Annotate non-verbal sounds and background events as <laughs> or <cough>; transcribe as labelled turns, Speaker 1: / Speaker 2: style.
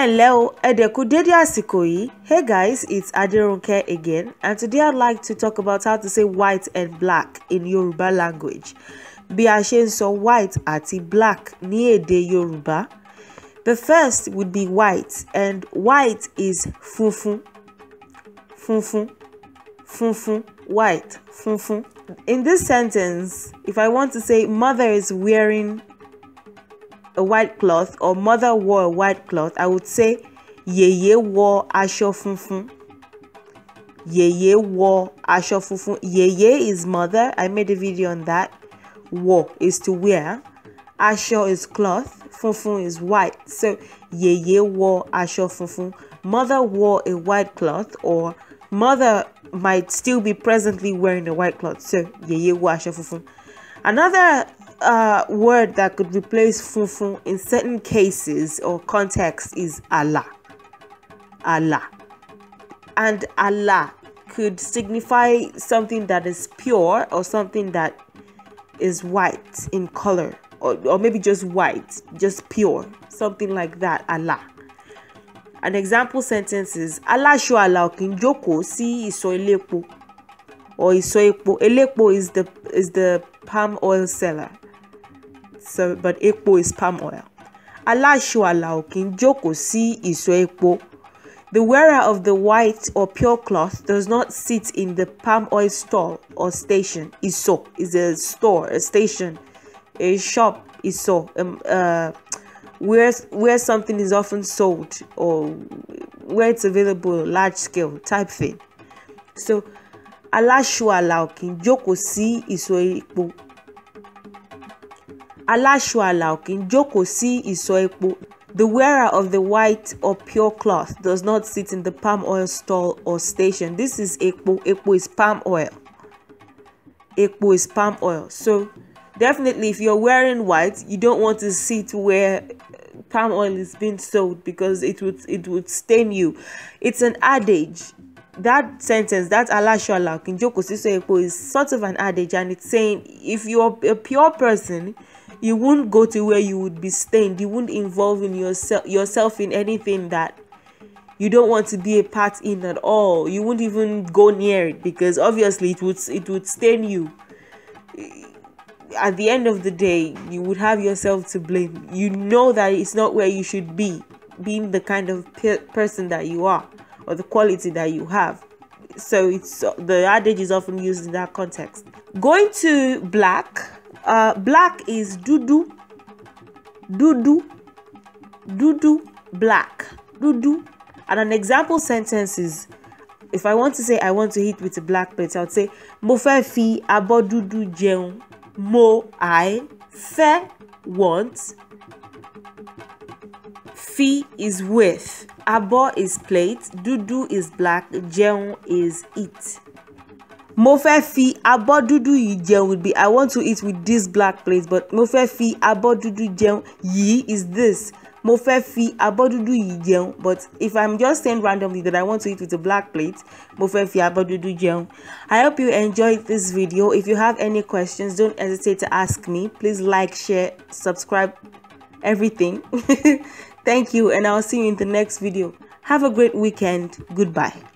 Speaker 1: Ẹ ǹlẹ́ o, ẹ dẹ̀ kú àsìkò yìí. Hey guys, it's Aderunke again and today I'd like to talk about how to say white and black in Yoruba language. Bí a ṣe ń sọ white àti black ní èdè Yorùbá. The first would be white and white is funfun. Funfun. Funfun. White. Funfun. In this sentence, if I want to say mother is wearing a white cloth or mother wore a white cloth, I would say ye wore aṣọ funfun. ye wore aṣọ funfun. ye is mother. I made a video on that. Wore is to wear. Asho is cloth. Funfun is white. So ye wore aṣọ funfun. Mother wore a white cloth or mother might still be presently wearing a white cloth. So ye wore aṣọ funfun. Another uh, word that could replace fufu in certain cases or contexts is Allah. Allah. And Allah could signify something that is pure or something that is white in color or, or maybe just white, just pure, something like that, Allah. An example sentence is Aláṣọ àlà ò kì sí ìsọ̀ elépo or ìsọ̀ Elépo is the is the palm oil seller. So, but epo is palm oil. Aláṣọ àlà kì í jókòó sí ìsọ̀ epo. The wearer of the white or pure cloth does not sit in the palm oil stall or station. Ìsọ̀ is a store, a station, a shop. Ìsọ̀ um, uh, where where something is often sold or where it's available large scale type thing. So aláṣọ àlà ò kì í jókòó sí ìsọ̀ epo àlà jókòó sí ìsọ̀ epo The wearer of the white or pure cloth does not sit in the palm oil stall or station. This is Ekpo. Ekpo is palm oil. Ekpo is palm oil. So, definitely, if you're wearing white, you don't want to sit where palm oil is being sold because it would it would stain you. It's an adage that sentence that Allah kinjoko siso epo is sort of an adage and it's saying if you're a pure person you won't go to where you would be stained you won't involve in yourself yourself in anything that you don't want to be a part in at all you won't even go near it because obviously it would it would stain you at the end of the day you would have yourself to blame you know that it's not where you should be being the kind of pe person that you are or the quality that you have so it's the adage is often used in that context going to black uh, black is dudu dudu dudu black dudu and an example sentence is if i want to say i want to hit with a black plate i'll say mo fe fi abo dudu jeun mo i fe want Ifi is with. Abo is plate. Dudu is black. Jeon is eat. Mofe fi abọ́ dúdú yìí would be I want to eat with this black plate but Mofe fi abọ́ dúdú jẹun yìí is this. Mofe fi abọ́ dúdú yìí but if I'm just saying randomly that I want to eat with a black plate, Mofe fi abọ́ dúdú jẹun. I hope you enjoyed this video. If you have any questions, don't hesitate to ask me. Please like, share, subscribe, everything. <laughs> Thank you and I'll see you in the next video. Have a great weekend. Goodbye.